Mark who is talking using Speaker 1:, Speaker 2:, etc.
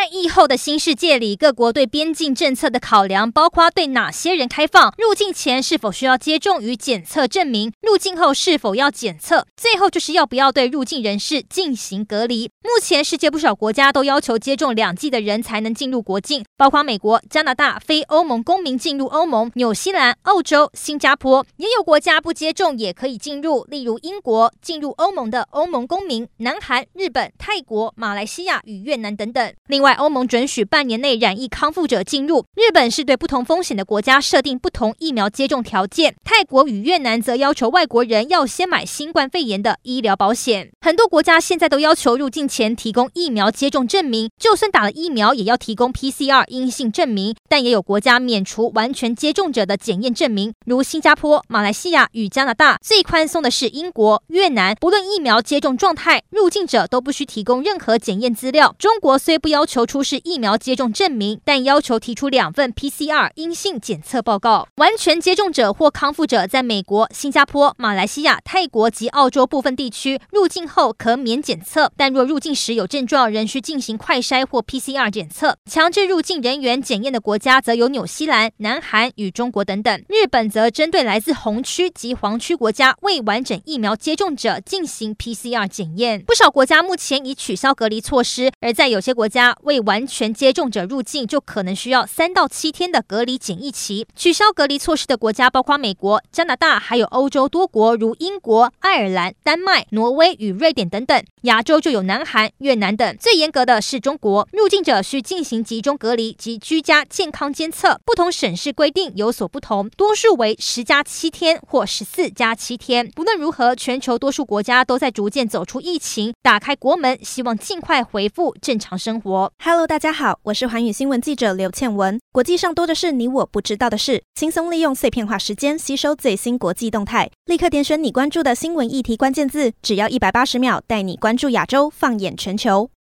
Speaker 1: 在疫後的新世界裡，各國對邊境政策的考量包括對哪些人開放入境前是否需要接種與檢測證明，入境後是否要檢測，最後就是要不要對入境人士進行隔離。目前，世界不少國家都要求接種兩劑的人才能進入國境，包括美國、加拿大、非歐盟公民進入歐盟、紐西蘭、澳洲、新加坡。也有國家不接種也可以進入，例如英國、進入歐盟的歐盟公民、南韓、日本、泰國、馬來西亞與越南等等。另外。歐盟准許半年內染疫康復者進入。日本是對不同風險的國家設定不同疫苗接種條件。泰國與越南則要求外國人要先買新冠肺炎的醫療保險。很多國家現在都要求入境前提供疫苗接種證明，就算打了疫苗也要提供 PCR 陰性證明。但也有國家免除完全接種者的檢驗證明，如新加坡、馬來西亞與加拿大。最寬鬆的是英國、越南，不論疫苗接種狀態，入境者都不需提供任何檢驗資料。中國雖不要求。求出示疫苗接種證明，但要求提出兩份 PCR 陰性檢測報告。完全接種者或康復者在美國、新加坡、馬來西亞、泰國及澳洲部分地區入境後可免檢測，但若入境時有症狀，仍需進行快篩或 PCR 檢測。強制入境人員檢驗的國家則有紐西蘭、南韓與中國等等。日本則針對來自紅區及黃區國家未完整疫苗接種者進行 PCR 檢驗。不少國家目前已取消隔離措施，而在有些國家，未完全接種者入境就可能需要三到七天的隔離檢疫期。取消隔離措施的國家包括美國、加拿大，還有歐洲多國，如英國、愛爾蘭、丹麥、挪威與瑞典等等。亞洲就有南韓、越南等。最嚴格的是中國，入境者需進行集中隔離及居家健康監測。不同省市規定有所不同，多數為十加七天或十四加七天。不論如何，全球多數國家都在逐漸走出疫情，打開國門，希望儘快恢復正常生活。Hello，大家好，我是寰宇新聞記者劉倩文。國際上多的是你我不知道的事，輕鬆利用碎片化時間吸收最新國際動態，立刻點選你關注的新聞議題關鍵字，只要一百八十秒，帶你關注亞洲，放眼全球。